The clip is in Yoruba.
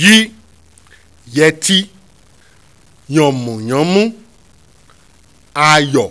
yí yẹtí yànmùyánmú ayọ̀